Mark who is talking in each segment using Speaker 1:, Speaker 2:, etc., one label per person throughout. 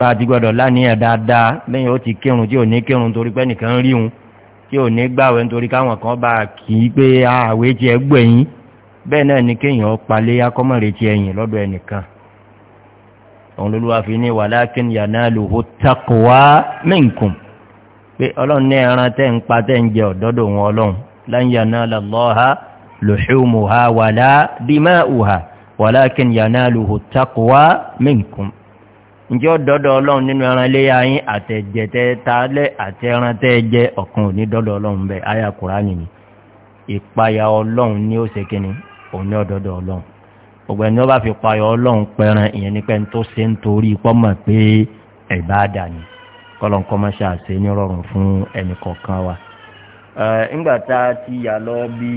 Speaker 1: bá a ti gbọdọ̀ lánìyàn dáadáa lẹ́yìn ó ti kírun tí ò ní kírun torí pé nìkan rí un tí ò ní gbàwẹ̀ nítorí káwọn kan bá a kì í pé àwẹ̀ tiẹ̀ gbẹ̀yìn bẹ́ẹ̀ náà ni kéèyàn palẹ̀ akọ́mọ̀rẹ̀ tiẹ̀ yìn lọ́dọ̀ ẹnìkan òun ló wá fi ní wàhálà kéèyàn náà lò ó takuwa minkum pé ọlọ́run ní ẹran tẹ́ ń pa tẹ́ ń jẹ ọ̀dọ́dọ̀ wọn ọlọ́run láyé náà lọ́ha ǹjẹ́ ọ̀dọ́dọ̀ ọlọ́run nínú ẹran léyà yín àtẹ̀jẹ̀ tẹ́ àti ẹran tẹ́ jẹ ọ̀kan òní dọ́dọ̀ ọlọ́run bẹ́ẹ̀ àyà kùránì ni ìpayà ọlọ́run ní ó ṣe kínní òní ọ̀dọ́dọ̀ ọlọ́run gbogbo ẹni wọ́n bá fi payà ọlọ́run pẹran ìyẹn ní pẹ́ni tó ṣe ń torí pọ́mọ̀ pé ìbáàdà ni kọ́lọ́n kọ́mọ́ṣà ṣe ní rọrùn fún ẹnì kọ̀ọ̀kan wa. ńgbà tá a ti yà lọ bí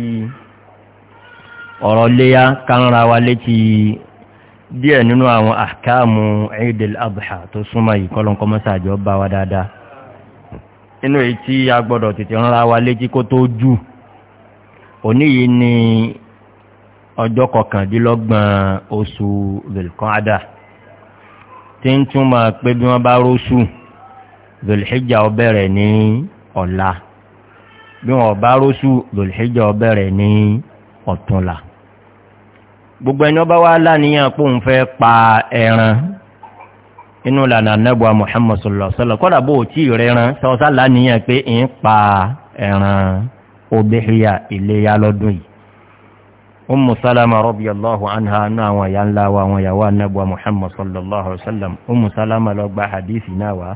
Speaker 1: ọ̀rọ̀ léyà kánra wa létí díẹ̀ nínú àwọn àkáàmù Eidil Adha tó súnmọ́ ìkọlọ́nkọmọ́sàjọ́ bá wa dáadáa inú èyí tí a gbọ́dọ̀ tètè rárá wa létí kó tó jù òní yìí ni ọjọ́ kọkàndínlọ́gbọ̀n oṣù Dhul-Qa'da tí ń túmọ̀ pé bí wọ́n bá róṣù dhul bẹ̀rẹ̀ ní ọ̀la bí wọ́n bá róṣù dhul bẹ̀rẹ̀ ní ọ̀túnla gbogbo ẹni ọba wa láníyàn pé òun fẹ́ pa ẹran inú lànà anábùa muhammad sallallahu alaihi wasallam kọ́dà bó o tí ì rẹran sọ́sá láníyàn pé ń pa ẹran obìnrin ìléyà lọ́dún yìí ummu salama radiyallahu anha anu àwọn ìyá ńlá wa àwọn ìyàwó anábùa muhammad sallallahu alaihi wasallam ummu salama lọ gba hadithi náà wá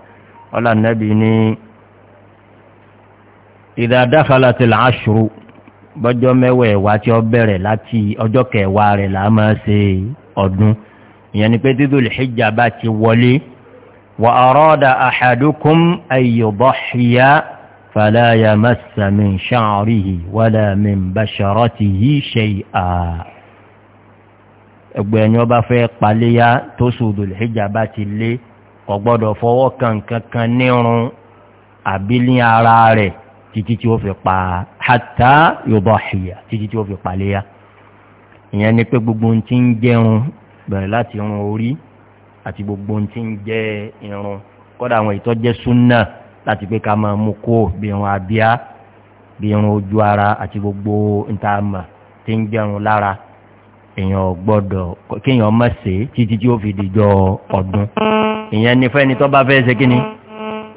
Speaker 1: ọlá anábì ní idha dakhalat al-ashru bọ́jọ́ mẹ́wẹ̀ẹ́ wa tí ó bẹ̀rẹ̀ láti ọjọ́ kẹwàá rẹ̀ là máa ṣe ọdún ìyẹn ni pé Dhul Hijja bá ti wọlé wa arada ahadukum an yudahhiya fala yamassa min sha'rihi wala min basharatihi shay'an ẹgbẹ́ ẹni ọba fẹ́ paléyá tó sùn Dhul Hijja bá ti lé kò gbọ́dọ̀ fọwọ́ kan kankan nírun àbílí ara rẹ̀ títí tí ó fi pa hatta yudahhiya títí tí ó fi paléyà ìyẹn ni pé gbogbo ohun tí ń jẹun bẹ̀rẹ̀ láti irun orí àti gbogbo ohun tí ń jẹ irun kọ́dà àwọn ìtọ́jẹ́ súnà láti pé ká máa mú kó bí irun abíyá bí irun ojú ara àti gbogbo ntàmà tí ń jẹun lára èèyàn gbọ́dọ̀ kéèyàn má ṣe títí tí ó fi dìjọ ọdún ìyẹn ni fẹ́ni tó bá fẹ́ ṣe kíni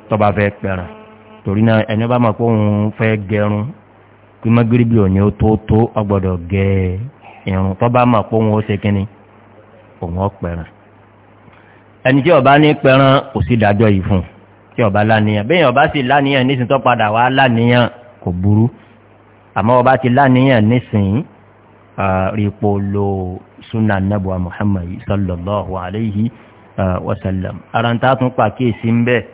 Speaker 1: tó bá fẹ́ pẹ̀ràn torí náà ẹni bá máa kó òun fẹ́ gẹrun kí mọ́gíríbì òní ó tó tó ọgbọ́dọ̀ gẹ irun tó bá máa kó òun ó ṣe kínní òun ó pẹ̀ràn ẹni tí ọba ní pẹ̀ràn kò sí dájọ́ yìí fún tí ọba láníyàn bẹ́ẹ̀ ọba sì láníyàn nísìnyí tó padà wá láníyàn kò burú àmọ́ ọba ti láníyàn nísìnyí rípo lo sunan nabuwa muhammad sallallahu alayhi wa sallam ara ń ta tún pàkíyèsí ń bẹ́ẹ̀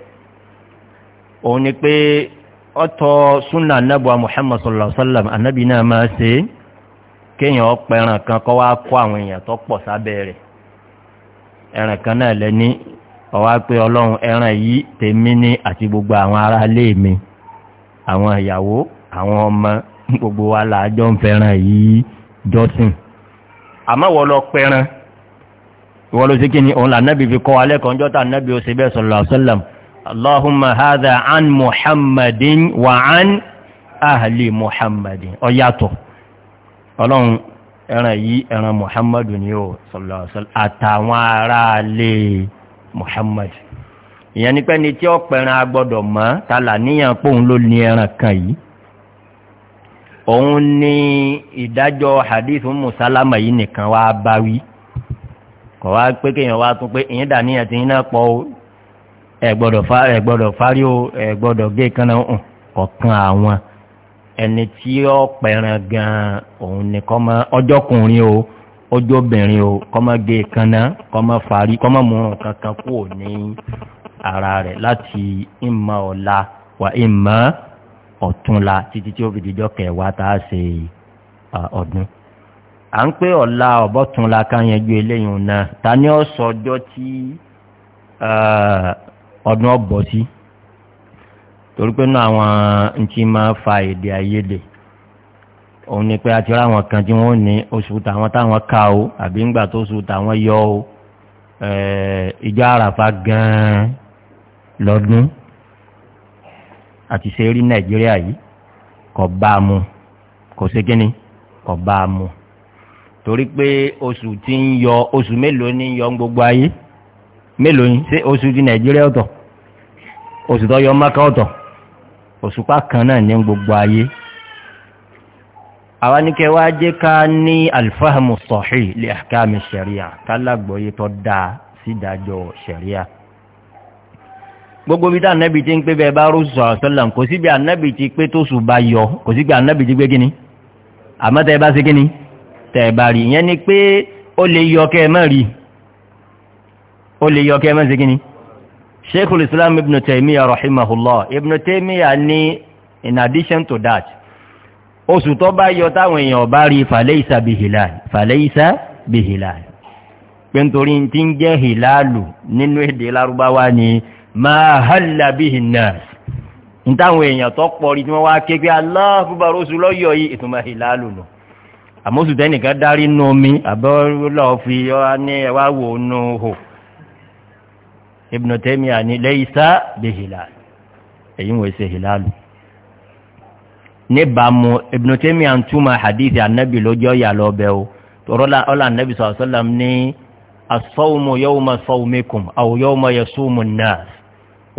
Speaker 1: òun ni pé suna súnà muhammadu muhammad sallallahu alaihi wa sallam anábì náà máa ṣe kéèyàn ọ̀pọ̀ ẹran kan kọ́ wá kó àwọn èèyàn tó pọ̀ sábẹ́ rẹ̀ ẹran kan náà lẹ́ni pé ọlọ́run ẹran gbogbo àwọn ará ilé mi àwọn ìyàwó àwọn ọmọ gbogbo wa làájọ́ ń fẹ́ràn yìí jọ́sìn àmọ́ wọ́n lọ ló ṣe kí sallallahu اللهم هذا عن محمد وعن أهل محمد ọ̀yàtọ̀ ọlọ́run ẹran yìí ẹran muhammad ni ó sọ̀lọ̀sọ̀lọ̀ àtàwọn ará lè muhammad ìyẹn ni pé ni tí ó pẹ̀ran agbọ́dọ̀ mọ́ tààlà níyàn pòun ló ní ẹran kan yìí òun ni ìdájọ́ hadith musalama yìí nìkan wá báwí kọ̀ wá pé kéèyàn ẹ̀gbọ́dọ̀ fárí o ẹ̀gbọ́dọ̀ gé kaná hùn kọ̀kan àwọn ẹni tí ó pẹ̀ràn gan-an òun ni kọ́mọ ọjọ́kùnrin o ọjọ́bìnrin o kọ́mọ gé kaná kọ́mọ fárí kọ́mọ mú kankan kú ní ara rẹ̀ láti ìmọ̀ ọ̀la wà ìmọ̀ ọ̀túnla títí tí ó fi dìjọ́ kẹwàá tá a ṣe ọdún. Uh, à ń pé ọ̀la ọ̀bọ̀túnla ká yanjú eléyìí náà ta ni ó sọ ọjọ́ tí ọdún ọ̀bọ̀ sí torí pé náà àwọn ntí máa fa èdè àìyedè òun ni pé a ti rá àwọn kan tí wọ́n ní oṣù tàwọn táwọn ká o àbí ńgbà tó oṣù tàwọn yọ o eh, ìjọ àràfà gan-an lọ́dún àti ṣe rí yìí kò bá yọ oṣù mélòó mélòó yín ṣé oṣù di nàìjíríà ọ̀tọ̀ oṣù tó yọ mọ́ká ọ̀tọ̀ òṣùpá kan náà ní gbogbo ayé àwa ní kẹwàá jẹ́ ká ní alfahamu sahih li ahkami sharia kálágbọ́yé tó dáa sídájọ́ sharia gbogbo bí táà nẹ́bi ti ń pé bẹ́ẹ̀ bá rú sọ̀rọ̀ sọ́lá kò síbi ànẹ́bi ti pé tó sùn bá yọ kò síbi ànẹ́bi ti pé kíni àmọ́ tẹ́ ẹ bá ṣe kíni tẹ́ ẹ bá rí ìyẹn ni pé ó lè yọ kẹ́ ẹ má rí i ó lè yọ kẹ́mẹ́ sí kíní sheikhul islam ibn taymiyyah rahimahullah ibn taymiyyah ní in addition to that oṣù tó bá yọ táwọn èèyàn bá rí fàlẹ́ìsà bí hilal fàlẹ́ìsà bí hilal pé nítorí tí ń jẹ́ hilalu nínú èdè lárúbáwá ni máa hàlà bí hinas ní táwọn èèyàn tó pọ̀ rí tí wọ́n wá ké pé lọ́yọ̀ yìí ìtumọ̀ hilalu nù àmóṣù tẹ́nìkan dárí nù omi àbọ́lọ́ fi ọ́ ní ẹwà wò nù hò ibn Taymiyyah ní laysa bi hilal èyí wọ́n ṣe hilalu níbàámu ibn Taymiyyah ń túmọ̀ hadith anabi lójú ọ̀yà lọ́bẹ̀ o tọ́rọ́lá ọ̀là anabi sallallahu alaihi wasallam ní as-sawmu yawma sawmikum aw yawma yasumu an-nas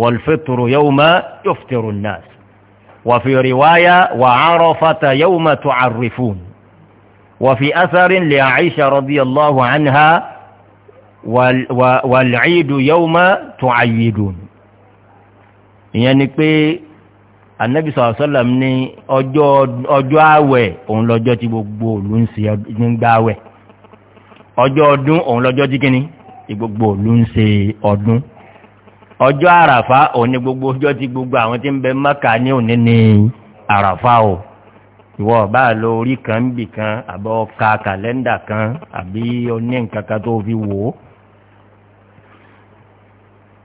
Speaker 1: wal fitru yawma yuftiru an-nas wa fi riwaya wa arafata yawma tu'arrifun wa fi atharin li Aisha radiyallahu anha wàlìídù yawma tu'ayyidun ìyẹn ni pé anabi sallallahu alaihi wasallam ní ọjọ́ àwẹ̀ òun lọ́jọ́ tí gbogbo òlu ń ṣe nígbà àwẹ̀ ọjọ́ ọdún òun lọ́jọ́ tí kínní tí gbogbo òlu ń ṣe ọdún ọjọ́ àràfá òun ni gbogbo ọjọ́ tí gbogbo àwọn tí ń bẹ Mákà ní òní ní àràfá o ìwọ ọba àlọ orí kan ń bì kan àbọ̀ ka kàlẹ́ndà kan àbí oní nǹkan kan tó fi wò ó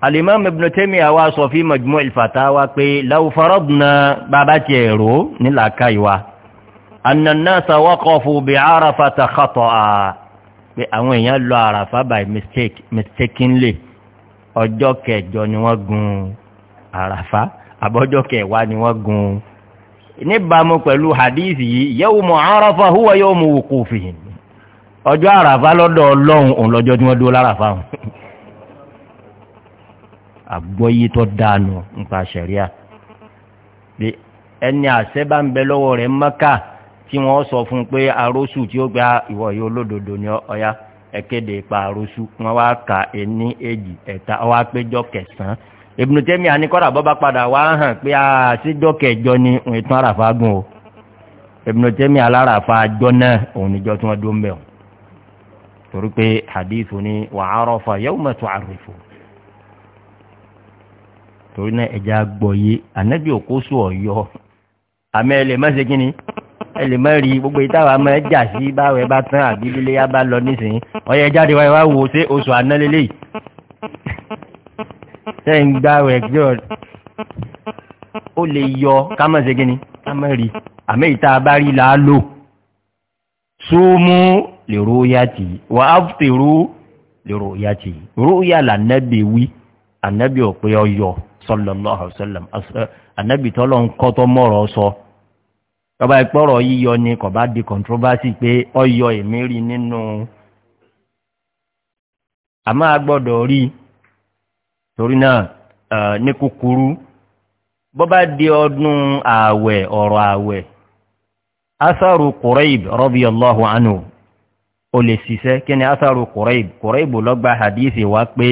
Speaker 1: alimam ibn taymiya wa sọ fi majmu' al-fatawa pé law faradna bàbá ti ẹ̀rọ nílà káyíwá anna an-nasa waqafu bi arafata khata'a pé àwọn èèyàn lọ àràfà by mistake mistakenly ọjọ́ kẹjọ ni wọ́n gun àràfà àbọ́jọ́ kẹwàá ni wọ́n gun níbàámu pẹ̀lú hadith yìí yawmu arafa huwa yawmu wuqufihim ọjọ́ àràfà lọ́dọ̀ ọlọ́run òun lọ́jọ́ tí wọ́n dúró láràfà hàn àgbọ́yé tó dànù nípa sẹ̀ríà pé ẹni àṣẹ bá ń bẹ lọ́wọ́ rẹ̀ mọ́kà tí wọ́n sọ fún un pé arósù tí ó gba ìwọ yìí olódodo ni ọ̀ya ẹ̀kéde ipa arósù wọ́n wá ka ẹni èjì ẹ̀ta wọ́n wá péjọ kẹsàn-án Ibnu Taymiyyah àníkọ́dà bọ́ bá padà wá hàn pé àṣìjọ kẹjọ ni ìtàn àràfà gùn o Ibnu Taymiyyah aláràfà àjọ náà òun níjọ tí wọ́n dó ń bẹ̀ torí pé hadith ni wàá rọ̀ fà yawma tu'arrifu torí náà ẹja gbọ̀yé ànábì òkóso ọ̀yọ́ àmọ́ ẹ lè má ṣe kíni ẹ lè má rí gbogbo ìtawà máa ẹ jà sí báwẹ̀ bá tán àbí lílé yá bá lọ nísìnyí ọyẹ jáde wáyé wá wò ó ṣe oṣù àná lélẹ́yìí ṣe ń gbá rẹ̀ jọ ó lè yọ kámọ̀ ṣe gíní kámọ̀ rí àmẹ́ ìta bá rí láàlò súnmú lè ró tì wà á fi rú lè ró yá tì ró yá lànàbì wí ànàbì ọ̀pẹ ọyọ sallallahu alaihi wasallam anabi tọ́lọ̀ ń kọ́ tó mọ̀rọ̀ sọ tọ́ba ìpọ́rọ̀ yíyọ ni kò bá di controversy pé ọyọ èmi rí nínú àmọ́ a gbọ́dọ̀ rí torí náà eh, ní kúkúrú bó bá di ọdún ààwẹ̀ ọ̀rọ̀ ààwẹ̀ asaru Quraib radiyallahu anhu o lè ṣiṣẹ́ kí ni asaru Quraib Quraib ló gba hadithi wá pé.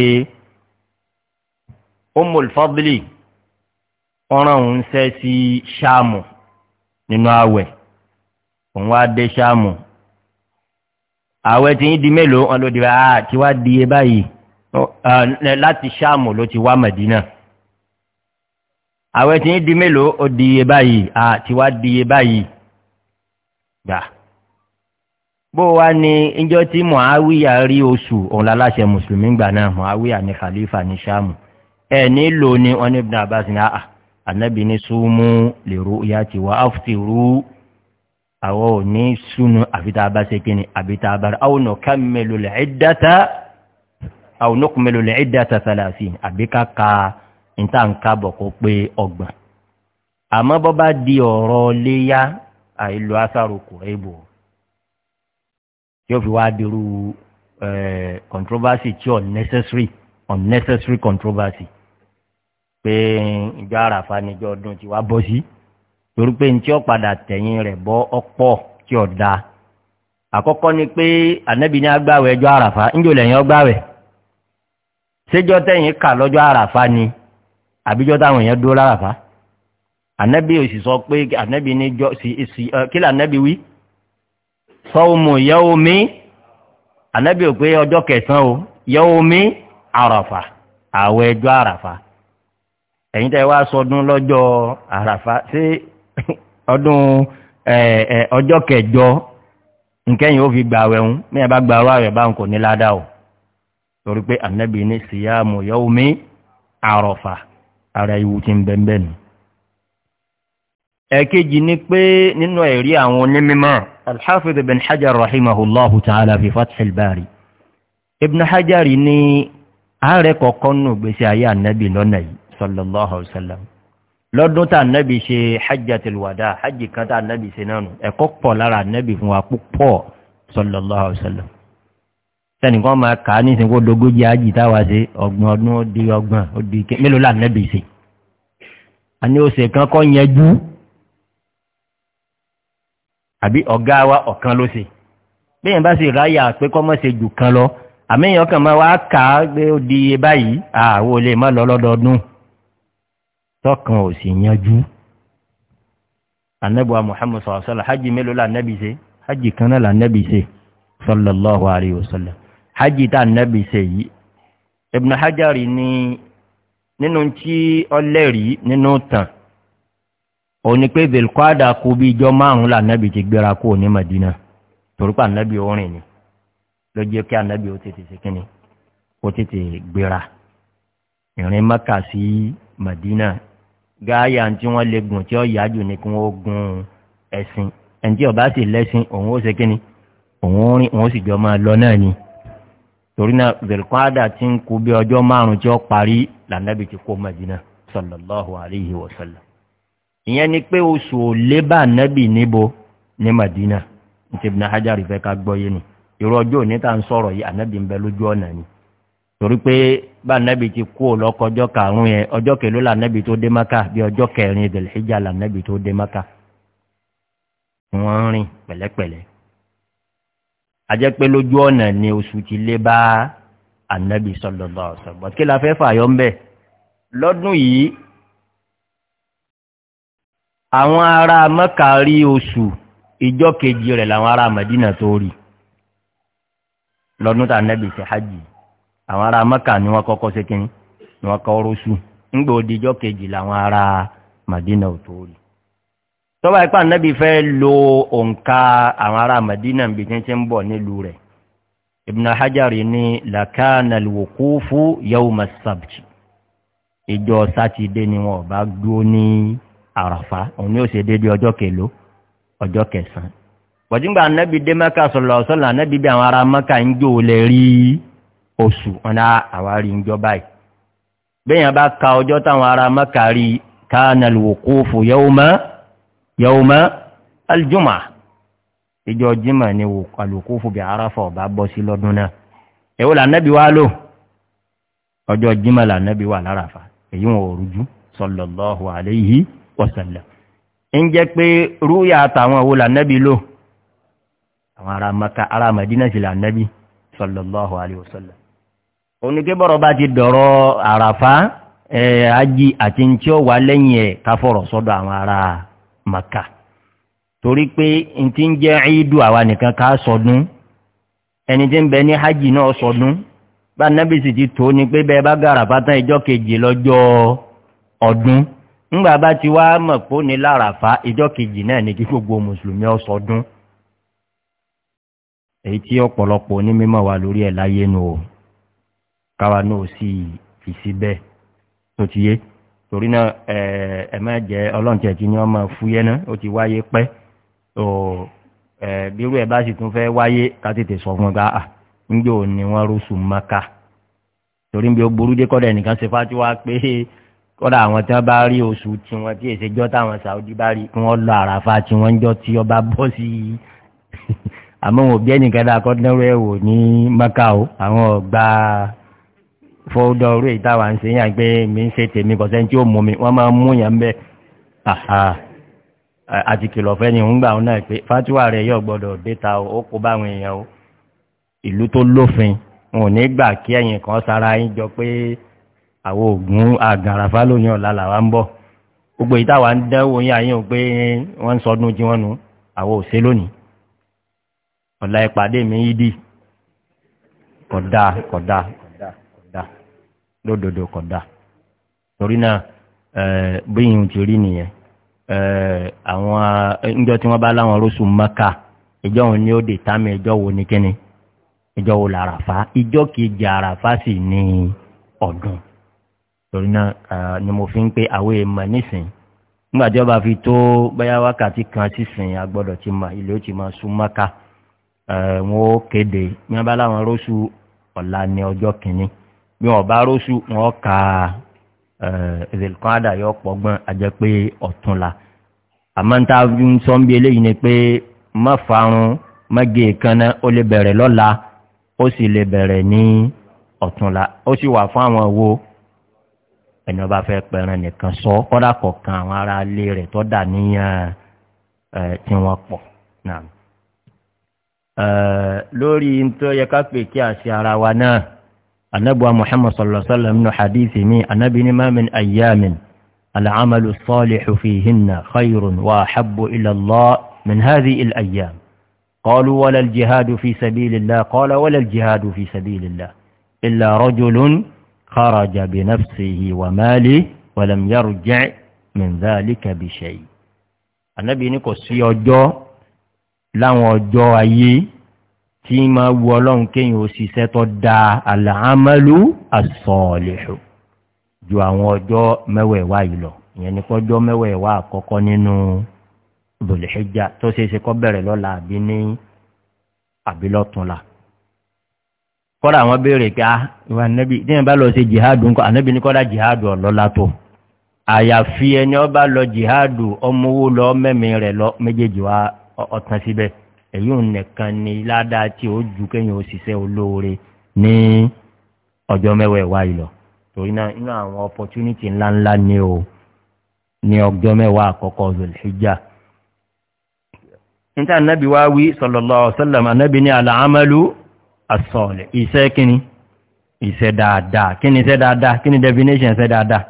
Speaker 1: Ummul Fadli ọ̀ràn òun ṣẹ́ sí ṣáàmù nínú àwẹ̀ òun wá dé ṣáàmù àwẹ̀ tí ń di mélòó wọn ló di bá a ah, ti wá di e báyìí láti ṣáàmù ló ti wá Mẹ̀dínà àwẹ̀ tí ń di mélòó ó di e báyìí a ti wá di e báyìí gbà bó wá ní ìjọ tí Muawiya rí oṣù òun láláṣẹ mùsùlùmí gbà náà Muawiya ní khalifa ní ṣáàmù ẹ̀ nílò ni wọ́n ní ibùdó àbá sinmi àà ànábì ní súnmú lèrò ìyá ti wá áfùtìrú àwọn ò ní súnú àfitá bá ṣe kí ni àbítá bá rẹ̀ àwọn ọ̀ká mélòó lè ẹ̀dáta àwọn ọ̀nà mélòó lè ẹ̀dáta sàlàsì àbíká ka níta ń kábọ̀ kó pé ọgbọ̀n àmọ́ bọ́ bá di ọ̀rọ̀ léyà àìlò asáró kùrẹ́bù yóò fi wá dirú eh, controversy tí unnecessary unnecessary controversy pé ìjọ àràfà níjọ ọdún tí wàá bọ́ sí torí pé ní tí ó padà tẹ̀yìn rẹ bọ ọpọ tí ó da ni pé ànábì ní agbáwẹ̀ ẹjọ àràfà ńjọ lẹ́yìn ọgbàwẹ̀ séjọ́ tẹ̀yìn kà lọ́jọ́ àràfà ni àbíjọ́ táwọn èèyàn dúró láràfà sọ pé ní jọ sí sí kí ẹ̀yin tẹ́ wá sọdún lọ́jọ́ àràfà sí ọdún ọjọ́ kẹjọ nkẹ́yìn ó fi gbà wẹ̀hún ní ẹ bá gba ọrọ̀ àwẹ̀ báwọn kò ní ládàá o torí pé ànábì ní síyáàmù yọ́wùmí àrọ̀fà ara ìwù ti ń bẹ́ńbẹ́ nù. ẹ̀kejì ni pé nínú ẹ̀rí àwọn onímọ̀ alḥafiz ibn hajar rahimahullahu ta'ala fi fathil bari ibn hajar ní ààrẹ kọ̀ọ̀kan nù gbèsè ayé ànábì lọ́nà yìí sallallahu alayhi wa sallam lọ́dún tá nẹ́bi ṣe hajjatulwada hajj kan tá nẹ́bi ṣe náà nù ẹ̀kọ́ pọ̀ lára nẹ́bi fún wa púpọ̀ sallallahu alayhi wa sallam tẹnìkan máa kà á nísìnyí kó dogoji hajj táwa ṣe ọgbọ̀n ọdún ó di ọgbọ̀n ó di ike mélòó là nẹ́bi ṣe àní ọ̀sẹ̀ kan kọ́ yẹjú àbí ọ̀gá wa ọ̀kan ló ṣe bẹ́ẹ̀ bá sì ráyà pé kọ́ mọ́ ṣe jù kan lọ àmì ìyọkàn máa wá kà á gbé ó di iye báyìí àwọn olè má lọ lọ́dọọdún tọkàn ò sì yanjú anabuwa muhammad sallallahu alaihi wa sallam hajj mélòó la anabi ṣe hajj kan náà la anabi ṣe sallallahu alaihi wa sallam hajj tá anabi ṣe yìí ibn hajar ni nínú tí ọlẹ́rìí nínú tàn òní pé belkwada kú bí ijọ́ márùn-ún la anabi ti gbéra kú ní madina torípa anabi orin ni ló jẹ́ kí anabi ó tètè ṣe kínní ó tètè gbéra ìrìn maka sí madina gáyà tí wọ́n lè gùn tí ó yá jù ní kí wọ́n gun ẹ̀sìn ẹ̀ǹtí ọ̀bá sì lẹ́sìn òun ó ṣe kí ni òun ó rìn òun sì jọ máa lọ náà ni torí náà zelkwada ti ń kú bí ọjọ́ márùn-ún tí ó parí lànàbì ti kó madina sallallahu alayhi wa sallam ìyẹn ni pé oṣù ò lébà nàbì níbo ní madina ní ti ibùdó hajj àrífẹ́ ká gbọ́ yé ni ìrọ̀jọ́ òní tá à ń sọ̀rọ̀ yìí ànábì ń bẹ lójú ọ̀nà ni. torí pé bá nẹ́bi ti kú lọ́kọ̀ ọjọ́ karùn-ún yẹn ọjọ́ kẹló là nẹ́bi tó dé maka bí ọjọ́ kẹrin ìdẹ̀lẹ̀ ìjà là nẹ́bi tó dé maka wọ́n rìn pẹ̀lẹ́pẹ̀lẹ́ ajẹ́ pé lójú ọ̀nà ni oṣù ti lé bá anabi sọlọ́lọ́ ọ̀sọ̀gbọ́n kí la fẹ́ fààyọ́ ń bẹ̀ lọ́dún yìí àwọn ará maka rí oṣù ìjọ kejì rẹ̀ làwọn ará madina tó rí lọ́dún tá anabi ti hajj àwọn ará mẹ́kà ni wọ́n kọ́kọ́ ṣe kínní ni wọ́n kọ́ rọ́ṣù ńgbà òdìjọ́ kejì làwọn ará madina ò tó rí tọ́ba ipá nẹ́bí fẹ́ lo òǹkà àwọn ará madina bí tí ń ti ń bọ̀ nílùú rẹ̀ ibùnà ní làkàna ìjọ sátidé ni wọn bá dúró ní àràfà òun ni ó ṣe dị ọjọ́ ọjọ́ kẹsàn-án dé oṣù ọ̀nà àwárí ń jọba yìí bẹ́yàn bá ka ọjọ́ táwọn ará mọ́kàrí káànà lòkófò yẹ́wọ́mọ́ aljúmà ìjọ jímà ni alòkófò bí aráfà ọba bọ́ sí lọ́dún náà èwo lànàbí wá lò ọjọ́ jímà lànàbí wà láràfà èyí wọn ò rújú sọlọ́lọ́hu àléyìí wọ́sàlẹ̀ ń jẹ́ pé rúyà àtàwọn òwò lànàbí àwọn ará mọ́kà ará mọ̀dínà sí lànàbí sọlọ́lọ́hu àléyìí oníkébọ̀rọ̀ bá ti dọ̀rọ̀ àràfá ajì àti ntí ó wà lẹ́yìn ẹ̀ káfọ̀rọ̀ sọ́dọ̀ àwọn ará maka torí pé ntí ń jẹ́ ìdù àwa nìkan ká sọdún ẹni tí ń bẹ ní hajj náà sọdún bá sì ti tó ni pé bẹ́ẹ̀ bá gàrà pátán ìjọ kejì lọ́jọ́ ọdún ńgbà bá ti wá mọ̀ pé ní láràfá ìjọ kejì náà ní kí gbogbo mùsùlùmí sọdún o. káwa náà sì fi síbẹ̀ tó ti yé torí náà ẹ má jẹ ọlọ́ọ̀tẹ̀ tí ni wọ́n máa fúyẹ́ náà ó ti wáyé pẹ́ bírú ẹ̀ bá sì tún fẹ́ wáyé ká tètè sọ fún ọgbà à ah, nígbà ò ní wọ́n rúṣù mọ́ká torí bí ó burú dé kọ́dà ẹnìkan ṣe fájúwá pé kọ́dà àwọn tí wọ́n bá rí oṣù tiwọn tí èsè jọ́ táwọn sàódì bá rí kí wọ́n lọ àràfà tí wọ́n jọ́ tí ọba bọ́ sí i àmọ́ òbí ẹnìkan dá akọ́dúnrún ẹ̀ wò ní mọ́ká o àwọn ọ̀gbà fọ́ọ̀dọ̀ orí ìtawà ń se yàn pé mi ń ṣe tèmi kọ̀sẹ́ tí ó mú mi wọ́n máa mú yàn bẹ́ẹ̀ àti kìlọ̀ fẹ́ ni ń gbà wọn náà pé fátíwà rẹ̀ yóò gbọ́dọ̀ déta ó kó báwọn èèyàn o ìlú tó lófin wọn ò ní gbà kí ẹ̀yìn kan sára yín jọ pé àwọn ògùn àgàràfà lónìí ọ̀la làwa ń bọ̀ gbogbo ìtawà ń dẹ́wò yín àyín o pé wọ́n ń sọdún jí wọn nu àwọn ò lónìí ọ̀la ìpàdé mi yí dì kọ̀dà kọ̀dà lódodo kọ̀dá torí náà eh, bíyìn ti rí nìyẹn eh, àwọn eh, ńjọ́ tí wọ́n bá láwọn rọ́ṣù mẹ́ka ìjọ òun ni ó dè támi ìjọ wo ni kíni ìjọ wo làràfá ìjọ kejì àràfá sì ní ọdún torí náà ni mo fi ń pé àwọn èèmọ̀ nísìnyí nígbà tí ọba fi tó bẹ́yà wákàtí kan sísìn agbọ́dọ̀ ti mọ̀ ilé ó ti mọ̀ sún mẹ́ka wọn ó kéde ní wọn bá láwọn rọ́ṣù ọ̀la ní ọjọ́ kìíní bí wọn bá róṣù wọn ka ìdèlùkọ́dà yọ pọ̀gbọ́n àjẹ́ pé ọ̀túnla àmọ́ níta ń sọ bí eléyìí ni pé má farun má gé èékánná ó lè bẹ̀rẹ̀ lọ́la ó sì lè bẹ̀rẹ̀ ní ọ̀túnla ó sì wà fún àwọn wo ẹni ọba fẹ́ pẹran nìkan sọ kọ́dà kọ̀ọ̀kan àwọn ará ilé rẹ̀ tó dà níyàn tí wọ́n pọ̀ náà lórí tó yẹ ká pè kí àṣẹ ara wa náà. النبوة محمد صلى الله عليه وسلم من حديثه مي النبي ما من أيام العمل الصالح فيهن خير وأحب إلى الله من هذه الأيام قالوا ولا الجهاد في سبيل الله قال ولا الجهاد في سبيل الله إلا رجل خرج بنفسه وماله ولم يرجع من ذلك بشيء النبي نقول سيوجو لا وجو أيه tí ma wu ọlọ́run kéyìn òṣìṣẹ́ tó da àlàámálú àsọ̀ọ̀lẹ̀ṣù ju àwọn ọjọ́ mẹ́wẹ̀ẹ̀wá yìí lọ ìyẹn ní kọjọ́ mẹ́wẹ̀ẹ̀wá àkọ́kọ́ nínú bòlìṣẹ́jà tó ṣe é ṣe kọ́ bẹ̀rẹ̀ lọ́la àbí ní àbílọ́tunla kọ́dà àwọn béèrè pé ah, ìwà nẹ́bí tí yẹn bá lọ ṣe jihadu nǹkan ànẹ́bí ní kọ́dà jihadu ọ̀lọ́lá tó àyàfi ẹni ọba lọ jihadu ọmọ owó lọ mẹ́mi rẹ̀ lọ méjèèjì wa ọ̀tàn síbẹ̀ èyí ò nìkan ni ládàá tí ó ju kéèyàn òṣìṣẹ́ olóore ní ọjọ́ mẹ́wàá ẹ̀wá ìlọ torí náà inú àwọn opportunity ńláńlá ni o ní ọjọ́ mẹ́wàá àkọ́kọ́ zulhijja níta anábì wá wí sọlọ́lọ́ ọ̀sọ́lọ́m anábì ní àlàámẹ́lú àsọ̀lẹ̀ iṣẹ́ kíni iṣẹ́ dáadáa kini iṣẹ́ dáadáa kíni definition iṣẹ́ dáadáa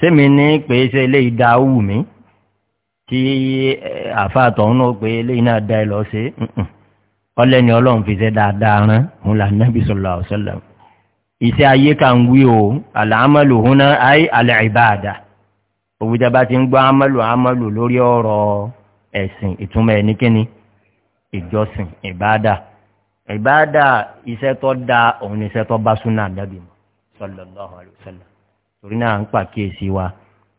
Speaker 1: sẹ́mi ní pé iṣẹ́ ilé ìdáwù mi tí eh, àfàtọ̀ ń náà pé eléyìí náà dá ẹ lọ sí ọlẹ́ni ọlọ́run fi ṣe dáadáa rán òun là nábì sọ̀lá ọ̀sọ̀lá iṣẹ́ ayé kan wí o àlàámọ́lù òun náà ayé àlẹ́ ìbáàdà òwúdà bá ti ń gbọ́ ámọ́lù ámọ́lù lórí ọ̀rọ̀ ẹ̀sìn ìtumọ̀ ẹ̀ níkíní ìjọsìn ìbáàdà ìbáàdà iṣẹ́ tó da òun iṣẹ́ tó bá súnà dábì mọ́ sọ̀lá ọ̀sọ̀lá torí náà ń pàkíyèsí wa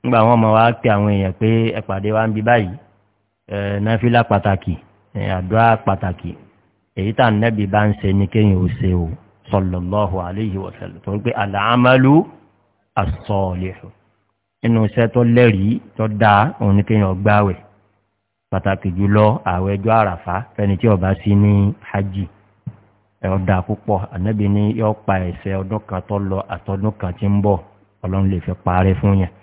Speaker 1: ńgbà wọn mọ wá pé àwọn èèyàn pé ẹ̀pàdé wa ń bi báyìí nàfílà pàtàkì àdúrà pàtàkì èyí tà nẹ́bí bá ń ṣe ní kéyìn ò ṣe o sọlọ́lọ́hu aléyìí wọ̀sẹ̀lẹ̀ tó ń pè àlàámálú àsọ̀ọ̀lẹ́hù nínú iṣẹ́ tó lẹ́rìí tó dá òun ní kéyìn ọgbàwẹ̀ pàtàkì jùlọ àwẹ̀ ẹjọ́ àràfá fẹ́ni tí ọba sí ní hajj ọ̀dà púpọ̀ ànẹ́bí ní yọ pa ẹ̀sẹ̀ ọdún kan tó lọ àtọdún kan tí ń bọ̀ ọlọ́run lè fẹ́ parẹ́ fún yẹn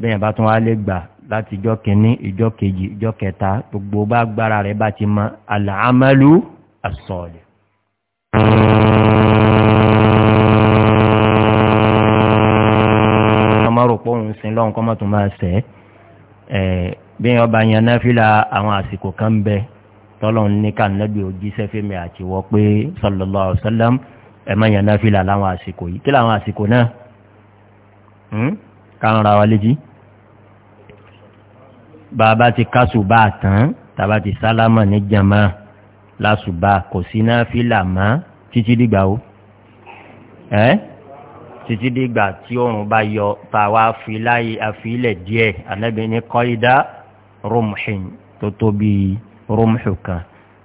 Speaker 1: bẹ́yàn bá tún wá lè gbà láti ìjọ kìíní ìjọ kejì ìjọ kẹta gbogbo bá gbára rẹ̀ bá ti mọ àlàámálú àsọ̀ọ̀lẹ̀. ọmọ rò pé òun sin lọ́hùn kọ́mọ́ tó máa sẹ́ bẹ́yàn ọba yan náà fílà àwọn àsìkò kan ń bẹ tọ́lọ́run ní kànáàbì òjíṣẹ́ fẹ́mi àti wọ́ pé sallallahu alaihi wasallam ẹ̀ máa yan náà fílà láwọn àsìkò yìí kí làwọn àsìkò náà. Hmm? káàrùn ra wa létí bàbá ti kásùbà tán tàbá ti sálámà ní jama lásùbà kò sí náà fílà mọ́ títí dìgbà ó ẹ́ títí dìgbà tí oòrùn bá yọ tàwa àfiláyé àfilẹ̀ díẹ̀ ànábì ní kọ́ídá rumhin tó tóbi rumhu kan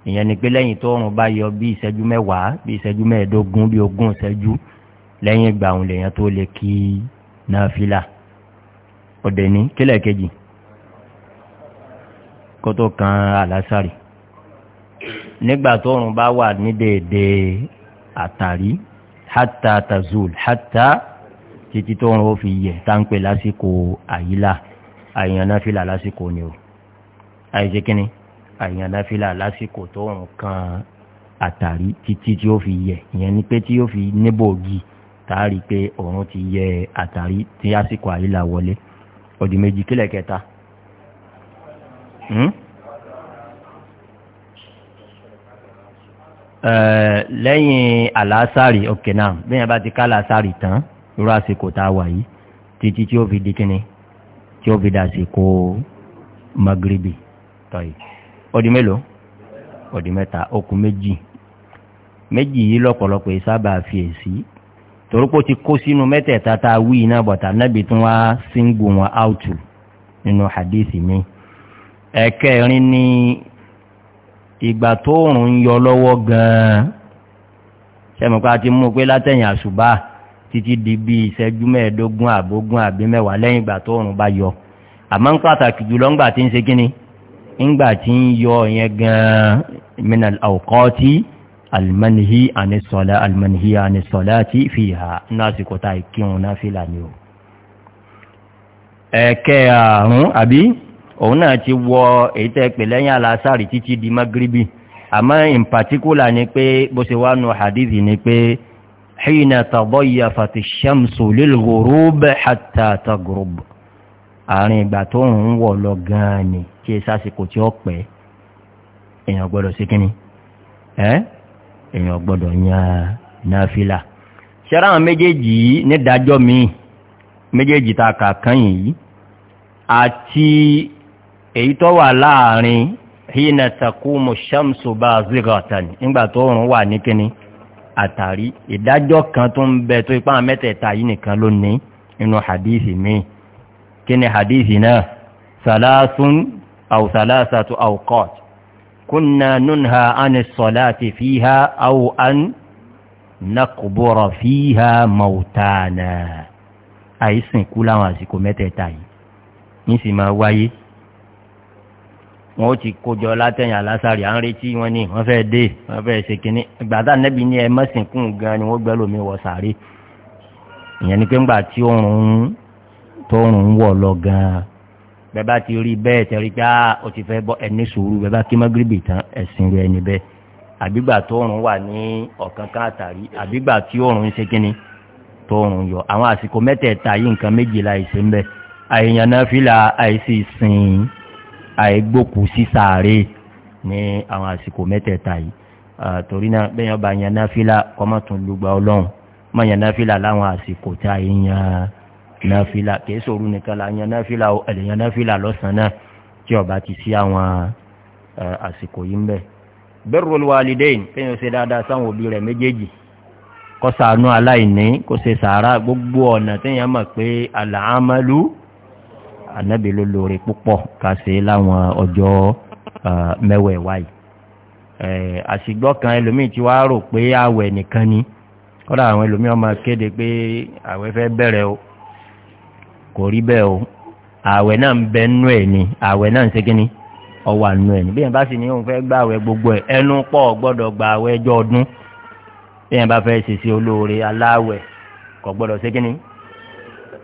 Speaker 1: ìyẹn ni pé lẹ́yìn tó oòrùn bá yọ bí ìṣẹ́jú mẹ́wàá bí ìṣẹ́jú mẹ́ẹ̀ẹ́dógún bí ogún ìṣẹ́jú lẹ́yìn ìgbà òun lèèyàn tó lè kí náà fílà ọ̀dẹ̀ ní kílẹ̀ kejì kó tó kan àlásàrì nígbà tóòrùn bá wà ní dèédé àtàrí hátà tazul hátà títí tóòrùn ó fi yẹ táǹpẹ lásìkò àyílà àyànnáfìlà lásìkò ni o àìsí kínní àyànnáfìlà lásìkò tóòrùn kan àtàrí títí tí ó fi yẹ ìyẹn ni pé tí ó fi níbògì tá a rí i pé òun ti yẹ àtàrí tí àsìkò àyílà wọlé ọdí méjì kílẹ̀ kẹta hmm? lẹ́yìn àlásàrì òkè náà bẹ́yẹn bá ti ká àlásàrì tán irú àsìkò tá a wà yìí títí tí ó fi di kíni tí ó fi dà àsìkò magrebi tọ́yì ọdí mélòó ọdí mẹ́ta okùn méjì méjì yìí lọ́pọ̀lọpọ̀ ìsábà fi èsì torókó ti kó sínú mẹ́tẹ̀ẹ̀ta tá a wí iná bọ̀tà nábì tí wọ́n á síngbù wọn áùtù nínú hadith mi. ẹ̀kẹrin ni ìgbà tó òrùn ń yọ lọ́wọ́ gan-an sẹ́mukọ́ àti mú pé látẹ̀yìn àṣùbà títí di bí ìṣẹ́jú mẹ́ẹ̀ẹ́dógún àbógún àbí mẹ́wàá lẹ́yìn ìgbà tó òrùn bá yọ àmọ́ ń pàtàkì jùlọ ńgbà tí ń ṣe kíni ńgbà tí ń yọ yẹn gan-an minal awqati almanhi anisọ́lá almanhi anisọ́lá ti fi ha náà sì kọta ìkírun náà fìlà ni o ẹ̀kẹ́ àrùn àbí òun náà ti wọ èyí tẹ́ pè lẹ́yìn alásàrì títí di magribi àmọ́ in particular ni pé bó ṣe wá nu hadith ni pé hìnà tàbọ́yà fàtìṣẹ́mùsù lilghurub hatta tagrub àárín ìgbà tó ń wọ̀ lọ gan-an ni kí ẹ sásìkò tí ó pẹ́ èèyàn gbọ́dọ̀ sí kínní èèyàn gbọ́dọ̀ yan náfìlà ṣẹ́ra àwọn méjèèjì yìí nídàájọ́ míì méjèèjì ta kàkán yìí àti èyí tó wà láàrin hina takumu shamsu bazighatan nígbà tó rùn wà ní kíní àtàrí ìdájọ́ kan tó ń bẹ tó ipá mẹ́tẹ̀ẹ̀ta yìí nìkan ló ní inú hadithi míì kíní hadithi náà salasatu awqat كنا ننهى عن الصلاة فيها أو أن نقبر فيها موتانا àìsìn kú láwọn àsìkò mẹ́tẹ̀ẹ̀ta yìí ní sì máa wáyé wọn ó ti kójọ látẹ̀yìn alásàrì à ń retí wọn ni wọn fẹ́ dé wọn fẹ́ ṣe kínní gbàdá nẹ́bí ní ẹ mọ́sìnkún gan ni wọ́n gbẹ́ lómi wọ sàárè ìyẹn ni pé ńgbà tí oòrùn tó oòrùn ń wọ̀ lọ gan bẹ́ẹ̀ bá ti rí bẹ́ẹ̀ tẹ̀rí pé ah, ó ti fẹ́ bọ́ ẹni sùúrù bẹ́ẹ̀ bá kí mọ́gìrìbì tán ẹ̀sìn rẹ̀ ẹni bẹ́ẹ̀ àbígbà tó òrùn wà ní ọ̀kan káàtàrí àbígbà tí òrùn ń ṣe kínní tó òrùn yọ àwọn àsìkò mẹ́tẹ̀ẹ̀ta yìí nǹkan méjìlá ìṣe ń bẹ́ẹ̀ àìyàn náà fìlà àìsí sìn àìgbókù sí sàárè ní àwọn àsìkò mẹ́tẹ̀ẹ̀ta yìí torí náà bẹ́ẹ̀ yẹn bá yẹn náà fìlà kọ́mọ́tún lùgbà ọlọ́run mọ́ yẹn náà fìlà láwọn àsìkò tá a náfìlà kìí sòrú nìkan la yan náfìlà o ẹ̀lẹ́yàn náfìlà lọ́sàn-án náà tí ọba ti sí àwọn àsìkò yìí ń bẹ̀. birrul walidain kéèyàn ṣe dáadáa sáwọn òbí rẹ̀ méjèèjì kó ṣàánú aláìní kó ṣe sàárà gbogbo ọ̀nà téèyàn mọ̀ pé àlàámálú ànábì ló lóore púpọ̀ ká ṣe láwọn ọjọ́ mẹ́wẹ̀ẹ̀wá yìí. àṣìgbọ́ kan ẹlòmíì ti wá rò pé àwẹ̀ nìkan ni kódà kò rí bẹ́ẹ̀ o ààwẹ̀ náà ń bẹ nú ẹ̀ ni ààwẹ̀ náà ń ṣe kínní ọwọ́ àánú ẹ̀ ni bí yẹn bá sì ní òun fẹ́ gbààwẹ̀ gbogbo ẹ̀ ẹnu pọ̀ gbọ́dọ̀ gba ààwẹ̀ ẹjọ́ ọdún bí yẹn bá fẹ́ ṣèṣe olóore aláwẹ̀ kò gbọ́dọ̀ ṣe kínní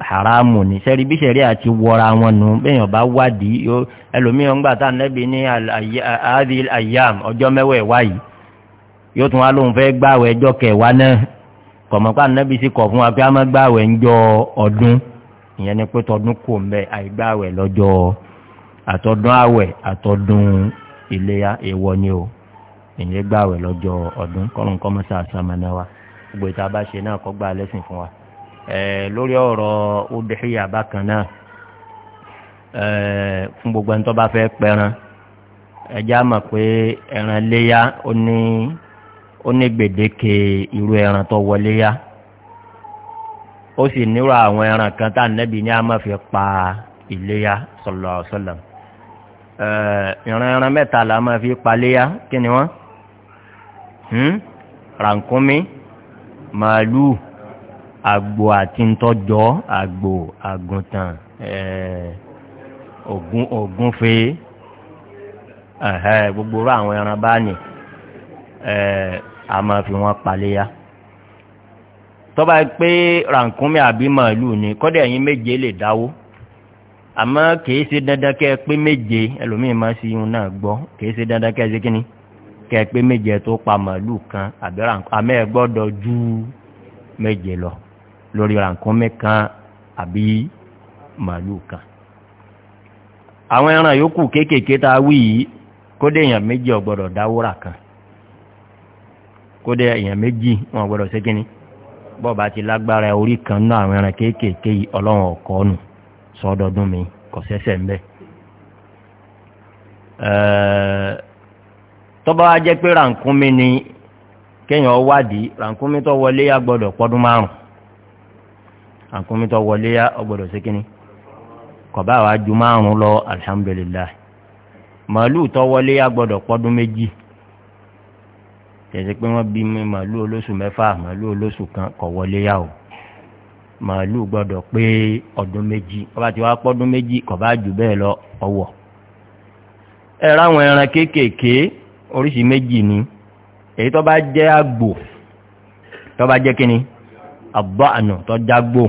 Speaker 1: haramu ni sẹ́rí bí sẹ́rí àti wọra wọn nù bẹ́yàn bá wádìí yóò ẹlòmíràn ń gbà tá nẹ́bi ní àádìí àyàm ọjọ́ mẹ́wẹ̀ẹ́ wáyìí yóò ìyẹn ni pé tọdún kò ń bẹ àìgbàwẹ̀ lọ́jọ́ àtọdún àwẹ̀ àtọdún iléyà èèwọ̀ ni o ìyẹn gbàwẹ̀ lọ́jọ́ ọdún kọ́lọ́n kọ́ mọ́sá àsàmánà wa gbogbo ìta bá ṣe náà kọ́ gbà lẹ́sìn fún wa. lórí ọ̀rọ̀ obìnrin yàbá kan náà fún gbogbo ẹni tó bá fẹ́ pẹran ẹja mọ̀ pé ẹran léyà ó ní gbèdéke irú ẹran tó wọlé ó sì nírò àwọn ẹran kan tá nẹ́bí ní a máa fi pa ìléyà sọ̀lọ̀ sọ̀lọ̀ ìran ẹran mẹ́ta là máa fi pa léyà kí ni wọ́n hmm? rànkúnmí màálù àgbò àti ntọ́jọ́ àgbò àgùntàn ògúnfe gbogbo àwọn ẹran bá ní a máa fi wọ́n pa léyà tọ́ba pé rànkúnmí àbí màálù ni kọ́dẹ̀ ẹ̀yin méje lè dáwó àmọ́ kìí ṣe dandan kẹ́ ẹ pé méje ẹlòmíì máa ṣe ihun náà gbọ́ kìí ṣe dandan kẹ́ ẹ ṣe kẹ́ pé méje tó pa màálù kan àbí rànkúnmí àmọ́ gbọ́dọ̀ ju méje lọ lórí rànkúnmí kan àbí màálù kan àwọn ẹran yòókù kéékèèké tá a wí yìí kódé èèyàn méjì ò dáwó rà kan kódé èèyàn méjì wọn ò ṣe kínní bọ́ọ̀bá ti lágbára orí kan náà àwọn ẹran kéékèèké ọlọ́run ọ̀kọ́ nù sọ́dọọdún mi kò sẹ́sẹ̀ ń bẹ̀. tọ́ba wa jẹ́ pé rànkúnmi ni kéèyàn wádìí rànkúnmi tó wọlé yá gbọ́dọ̀ pọ́dún márùn rànkúnmi tó wọlé yá ọgbọ́dọ̀ sí kínní kọ̀bá wa ju márùn lọ alihamudulilayi màálù tó wọlé yá gbọ́dọ̀ pọ́dún méjì kẹsẹ pé wọn bí mi màálù olóṣù mẹ́fà màálù olóṣù kan kọ wọlé yá o màálù gbọ́dọ̀ pé ọdún méjì ọba tí wàá pọdún méjì kọ bá jù bẹ́ẹ̀ lọ ọwọ́ ẹ ráwọn ẹran kéékèèké oríṣi méjì ni èyí tó bá jẹ́ àgbò tó bá jẹ́ kíni àbọ àná tó jágbò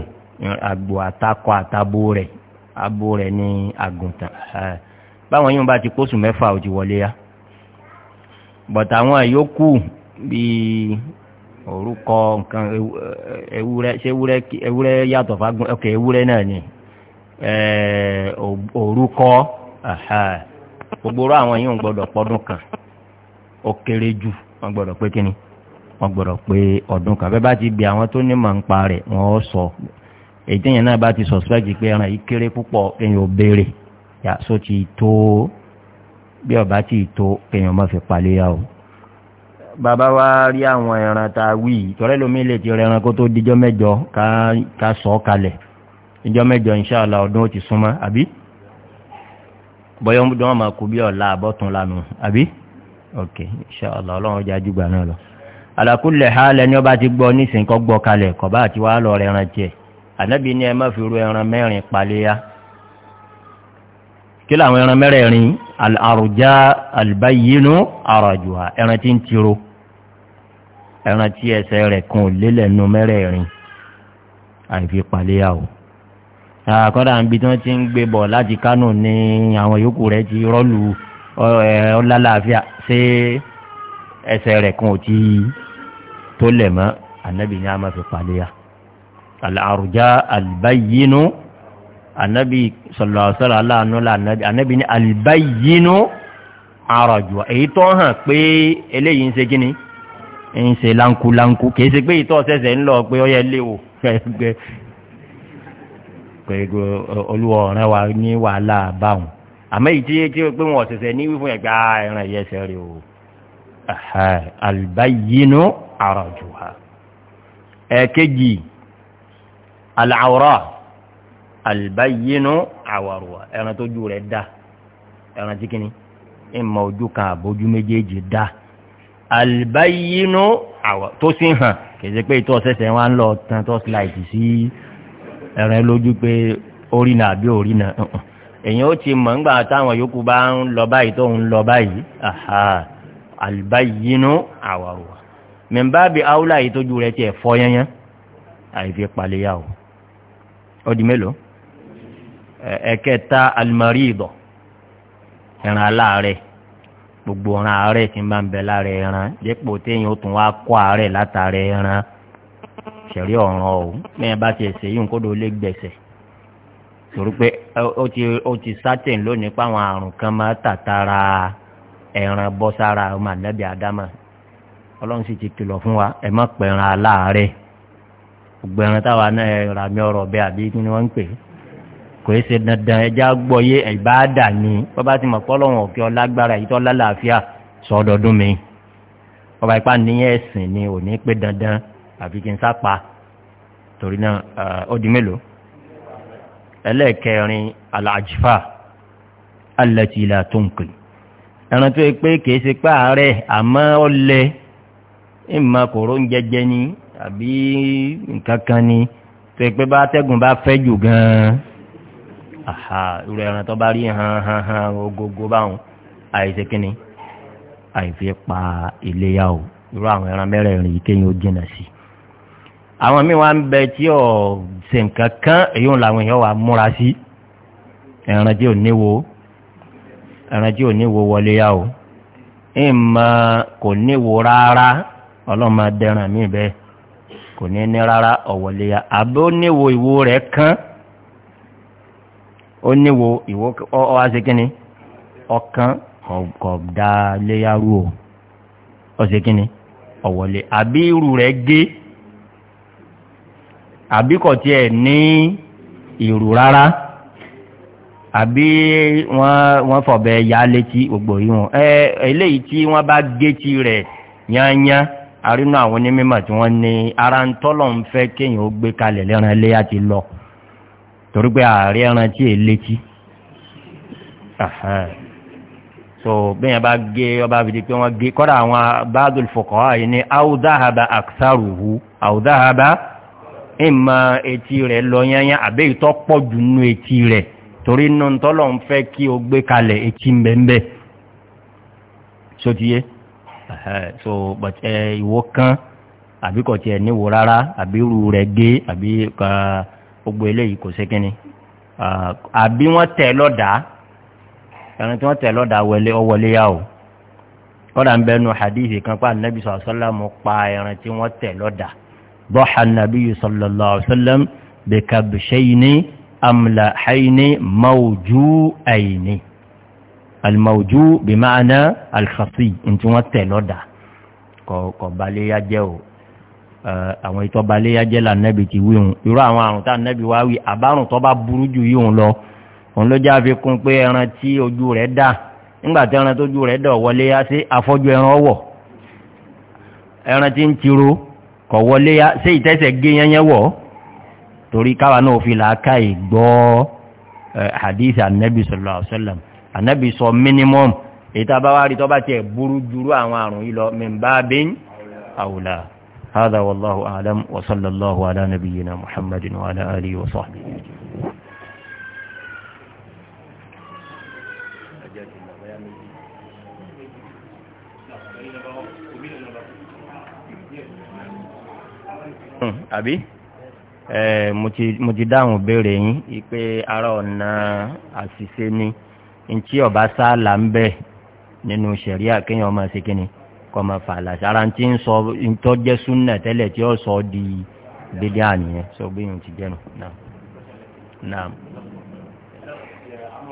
Speaker 1: àgbò àtakọ àtabo rẹ̀ abo rẹ̀ ní àgùntàn báwọn yóò bá ti pósù mẹ́fà ò ti wọlé yá bọ̀tà àwọn àyókù Bi orúkọ nǹkan ewúrẹ́ ṣé ewúrẹ́ ewúrẹ́ yàtọ̀ fagbọn ọkẹ ewúrẹ́ náà ni orúkọ gbogbo orú àwọn yìí ń gbọ́dọ̀ pọdún kan ó kéré jù wọ́n gbọ́dọ̀ pé kíni wọ́n pé bi àwọn tó ní mọ̀ ń pa rẹ̀ wọ́n sọ èyí téèyàn náà bá ti suspect pé ẹran yìí kéré púpọ̀ kéèyàn ó béèrè yà só ti tó bí ọba ti tó kéèyàn má fi o. bàbá wa rí àwọn ẹran ta wí tọ́rẹ́ lómi lè ti rẹran kó tó díjọ́ mẹ́jọ ká sọ kalẹ̀ ìjọ mẹ́jọ ìṣàlá ọdún ó ti súnmọ́ àbí bọ́yọ́ dán máa kú bí ọ̀la àbọ̀tún lanu àbí ok ìṣàlá ọlọ́run ọjà jùgbà náà lọ àlàkùlẹ̀ ha lẹni ọba ti gbọ́ nísìn kọ́ gbọ́ kalẹ̀ kọ̀bá àti wàá lọ rẹran tiẹ̀ ànábì ni ẹ má fi ru ẹran mẹ́rin paléyà kí làwọn ẹran mẹ́rẹ̀ẹ̀rin àrùjá àlùbáyínú àràjùwà ẹran tí ń tiro ẹran tí ẹsẹ̀ rẹ̀ kan ò lélẹ̀ nu mẹ́rẹ̀ẹ̀rin àìfi pàléyà o àkọ́dà ń bi tí wọ́n ti ń gbé bọ̀ láti kánò ní àwọn yòókù rẹ̀ ti rọ́ọ̀lù ọ̀làlàáfíà ṣé ẹsẹ̀ rẹ̀ kan ò ti tó lẹ̀ mọ́ ànábì ní a máa fi pàléyà àlàrújá àlùbáyínú ànábì sọ̀lọ̀ sọ̀rọ̀ aláàánú là ànábì ní àlùbáyínú àrọ̀jù èyí tó hàn pé eléyìí ń ṣe kí ni ń ṣe lankulanku kìí ṣe pé ìtọ́ ṣẹ̀ṣẹ̀ ń lọ pé ó yẹ léwu gbẹgbẹ pẹ̀lú olúwa ọ̀rẹ́ wa ní wàhálà báwọn àmọ́ èyí tí tí pé wọn ọ̀ṣẹ̀ṣẹ̀ ní wífún ẹ̀gbá ah, ẹ̀ràn ìyẹsẹ̀ rẹ o àlùbáyínú àràjùwà ẹ̀kejì àlàwòrán àlùbáyínú àwàrùwà ẹ̀ràn tójú rẹ̀ dá ẹ̀ràn tí kìíní ìmọ̀ ojú kan àbójú méjèèjì dá àlìbáyínú àwọ̀ tó sì hàn kèsè pé ìtọ́ ọ̀sẹ̀sẹ̀ wá ń lọ tán tó síláìtì sí ẹ̀rẹ́ lójú pé orí náà àbí orí náà èyàn ó ti mọ̀ ńgbà táwọn yòókù bá ń lọ báyìí tó ń lọ báyìí àlìbáyínú àwọ̀ àwọ̀ mẹ́ńbàbí áúlà yìí tójú rẹ̀ tiẹ̀ fọ́ yányán àìfi paléyà o ọdí mélòó ẹ̀kẹta alìmọ̀rí ìbọ̀ ẹ̀ràn aláàrẹ̀ gbogbo ọ̀ràn ààrẹ ti máa ń bẹ lára ẹran dépò téèyàn ó tún wá kó ààrẹ látara ẹran ṣẹ̀rí ọ̀ràn o mẹ́yìn bá ti ẹ̀sẹ̀ yìí kó ló lé gbẹ̀sẹ̀ torí pé ó ti sátìn lónìí páwọn àrùn kan máa tàtara ẹran bọ́ sára ọmọ ànábì ádámà ọlọ́run sì ti kìlọ̀ fún wa ẹ má pẹ̀ràn aláàárẹ̀ gbogbo táwa náà ẹ ràmí ọ̀rọ̀ bẹ́ẹ̀ àbí kí ni wọ́n ń pè é kò é ṣe dandan ẹja gbọ́yé ìbáàdà ni bọ́bá ti mọ̀ pọ́lọ́wọ̀n òkè ọlágbára èyí tó lálàáfíà sọ́dọọdún mi ọba ipá ní ẹ̀sìn ni ò ní pé dandan àfi kí n sápa torí náà ó di mélòó ẹlẹ́ẹ̀kẹrin aláàjífà alẹ́tì ilà tó ń pè ẹran tó yẹ pé kìí ṣe pé àárẹ̀ àmọ́ ọlẹ ìmọ̀ kòró ń jẹjẹ ni àbí nǹkan kan ni tó yẹ pé bá tẹ́gùn bá fẹ́ jù gan-an Aha, irú ẹran tó bá rí hàn hàn hàn ogogo báwọn àìsè kínní àìfi pa iléyà o irú àwọn ẹran mẹ́rẹ̀ẹ̀rin yìí kéyìn ó jìnà sí i àwọn míì wá ń bẹ tí ò ṣe nǹkan kan èyí ń làwọn èèyàn wà múra sí ẹran tí ò níwo ẹran tí ò níwo wọlé yá o ìmọ̀ kò níwo rárá ọlọ́mọ dẹran míì bẹ́ẹ̀ kò ní ní rárá ọ̀wọ́lé yá àbó níwo ìwo rẹ̀ kán ó níwo ìwọ ọ wá ṣe kíni ọkàn ọ̀gọ̀dá léyàrú o ọ̀wọ̀lẹ̀ àbí irú rẹ̀ gé àbí kò tiẹ̀ ní ìrù rárá àbí wọ́n fọ̀bẹ ya létí gbogbo yìí wọn ẹ eléyìí tí wọ́n bá gé tí rẹ̀ yányán arínú àwọn onímọ̀ tí wọ́n ní ara ń tọ́lọ̀ ń fẹ́ kéèyàn ó gbé kalẹ̀ lẹ́ran ilé àti lọ. torí pé ààrẹ ẹran tí è létí so bẹ́yẹn bá gé ọba fìdí pé wọ́n gé kọ́dà àwọn báàdùl fọ̀kọ́ àyè ní àwùdáhàbà àkṣàrùhù àwùdáhàbà ìmọ̀ etí rẹ̀ lọ yányán àbẹ́ ìtọ́ pọ̀ jù nú etí rẹ̀ torí nù tọ́lọ̀ ń fẹ́ kí o gbé kalẹ̀ etí mbẹ́mbẹ́ sotiye so but eh, ìwọ kan àbíkọ̀ tiẹ̀ níwò rárá àbírú rẹ̀ gé àbí kan gbogbo eléyìí kò sékíní àbí wọ́n tẹ̀ lọ́dàá ẹran tí wọ́n tẹ̀ lọ́dàá wọlé ọwọlé yá o kọ́dà ń bẹnu hadithi kan pa anabi sọ̀rọ̀ sọ́lámù pa ẹran tí wọ́n tẹ̀ lọ́dàá bọ́ha anabi sọ̀lọ́lọ́ sọ́lám bẹ̀ka bẹ̀ṣẹ́yìní amlaḥayni mawjú àyìní alimawjú bìmáàná alfasi ntí wọ́n tẹ̀ lọ́dàá kọ̀ kọ̀ balẹ̀ yá o Eh, àwọn ìtọ́ba léyájẹ́ là nẹ́bi ti wíhun irú àwọn àrùn tá nẹ́bi wá wí àbárùn tó bá burú jù yíhun lọ òun ló já fi kún pé ẹran tí ojú rẹ̀ dà nígbà tí ẹran tójú rẹ̀ dọ̀ wọlé yá sí afọ́jú ẹran ọwọ̀ ẹran tí ń tiro kọ̀ wọlé yá sí ìtẹ́sẹ̀ gé yẹnyẹ́ wọ̀ torí káwa náà fi làákà ìgbọ́ eh, hadith anabi sallallahu alaihi wa sallam anabi sọ minimum èyí tá a bá wá rí tó bá tiẹ̀ burú jùrú àwọn àrùn yìí lọ mẹ́mbàá bíi àwùlà. هذا والله أعلم وصلى الله على نبينا محمد وعلى آله وصحبه àbí mo ti dáhùn béèrè yín pé ara ọ̀nà àṣìṣe ni ntí ọba sáà là ń bẹ̀ nínú ṣẹ̀ríà kéèyàn máa ṣe kínni kọ́mọ fàlà sára ti ń sọ ìtọ́jẹ́ súnà tẹ́lẹ̀ tí ó sọ di dédé àníyàn sọ bí yóò ti jẹ́nu náà. náà. wọ́n rẹ̀ dàpọ̀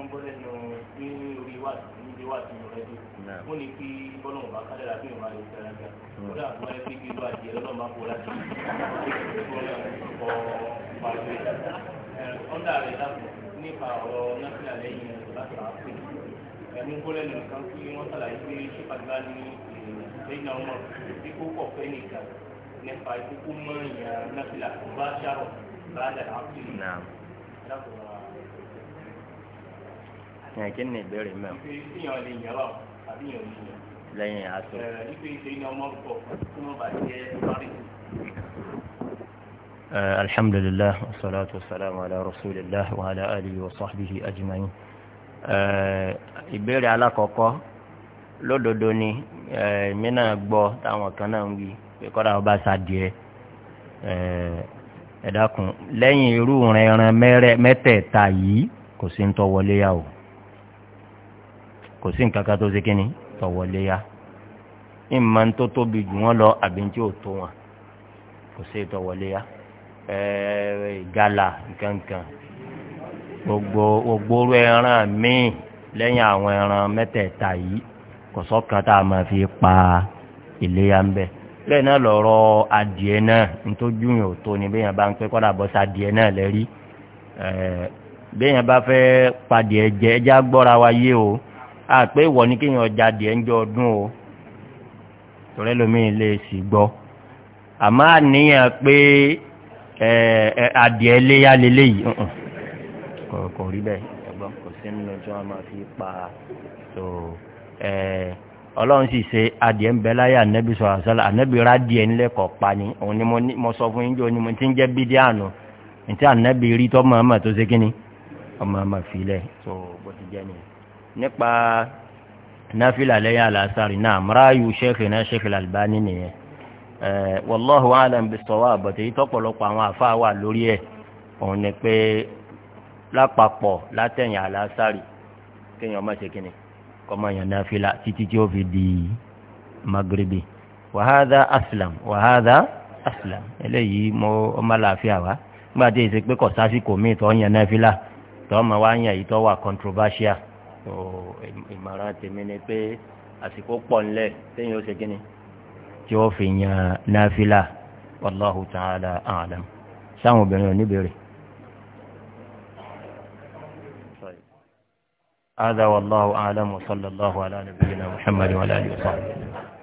Speaker 1: nípa ọ̀rọ̀ nọ́ọ̀sì àlẹ́yìn ìlú láti àáfíì ẹ̀mú bọ́lá ẹnìkan kí wọ́n ṣàlàyé ṣípàdé bá ní lẹ́yìn àwọn ọmọ tí kò kọ̀ fẹ́ nìkan nípa ìkókó mọ́ ìyàn náfìlà bá ṣàrọ̀ bá dàrá sí i. yẹn kí ni ìbéèrè mẹ́wọ̀. ìpè ìyàn lè yàn wà àbí ìyàn lè yàn. lẹ́yìn aṣọ. ìpè ìpè ìyàn ọmọ kọ̀ kí wọ́n bá jẹ́ parí. الحمد لله والصلاة والسلام على رسول الله وعلى آله وصحبه أجمعين. ìbéèrè alákọ̀ọ́kọ́ lódodo ni eh, èmi náà gbọ́ táwọn kan náà ń wí pé kọ́dà ọba sàdìẹ eh, ẹ lẹ́yìn irú ìrìnrìn mẹ́tẹ̀ẹ̀ta yìí kò sí ń tọ́wọlé o kò sí nǹkan kan tó ṣe kínní tọ́wọlé ní ma ń tó tóbi jù wọ́n lọ àbí tí ò tó wọn kò sí eh, gala nkankan gbogbo gbogbo ẹran míì lẹ́yìn àwọn ẹran mẹ́tẹ̀ẹ̀ta yìí kọ̀sọ́kan tá a máa fi pa ìléyà ń bẹ̀ bẹ́ẹ̀ náà lọ̀rọ̀ adìẹ náà nítorí yìí ò tó ni bẹ́ẹ̀ yẹn bá ń pẹ́ kọ́dà bọ́sà adìẹ náà lẹ́rí bẹ́ẹ̀ yẹn bá fẹ́ padì ẹ̀jẹ̀ ẹja gbọ́ra wa yé o àpé ìwọ ni kéèyàn ọjà adìẹ ń jọ ọdún o tọ́lẹ́ lómi lè sì gbọ́ àmọ́ àníyàn pé adìẹ léyà lélẹ́yìí kò rí bẹ́ẹ̀ ẹ̀gbọ́n kò sí nínú tí wọ́n fi pa ọlọ́run sì ṣe adìẹ ń bẹ láyé ànẹ́bí sọ̀rọ̀ sọ́lá ànẹ́bí rádìẹ ńlẹ́kọ̀ọ́ pa ni òun ni mo sọ fún yín ni mo ti ń jẹ́ bídí àná ntí ànẹ́bí rí tọ́ ọmọ ọmọ tó ṣe kí ni ọmọ ọmọ filẹ̀ tó bó ti jẹ́ nìyẹn. nípa náfìlà lẹ́yìn àlàásàrì náà mọ́ráyù ṣẹ́ẹ̀kì náà ṣẹ́ẹ̀kì làlùbáni nìyẹn wàlláhu alam bí sọ̀wọ́ àbọ̀tẹ́ yìí tọ́pọ̀lọpọ̀ àwọn kọ́mọ yàn náfìlà títí tí ó fi di magrebi wàhádà aslam wàhádà aslam eléyìí mo ọmọ làáfíà wa nígbà tí èsì pé kò sásìkò míì tó yàn náfìlà tó ọmọ wa yàn yìí tó wà controversial so ìmọ̀ràn tèmi ni pé àsìkò pọ̀ ńlẹ̀ téèyàn ó ṣe kí ni tí ó fi yàn náfìlà wallahu ta'ala a'lam sáwọn obìnrin ò ní bèrè. هذا والله أعلم وصلى الله على نبينا محمد وعلى آله وصحبه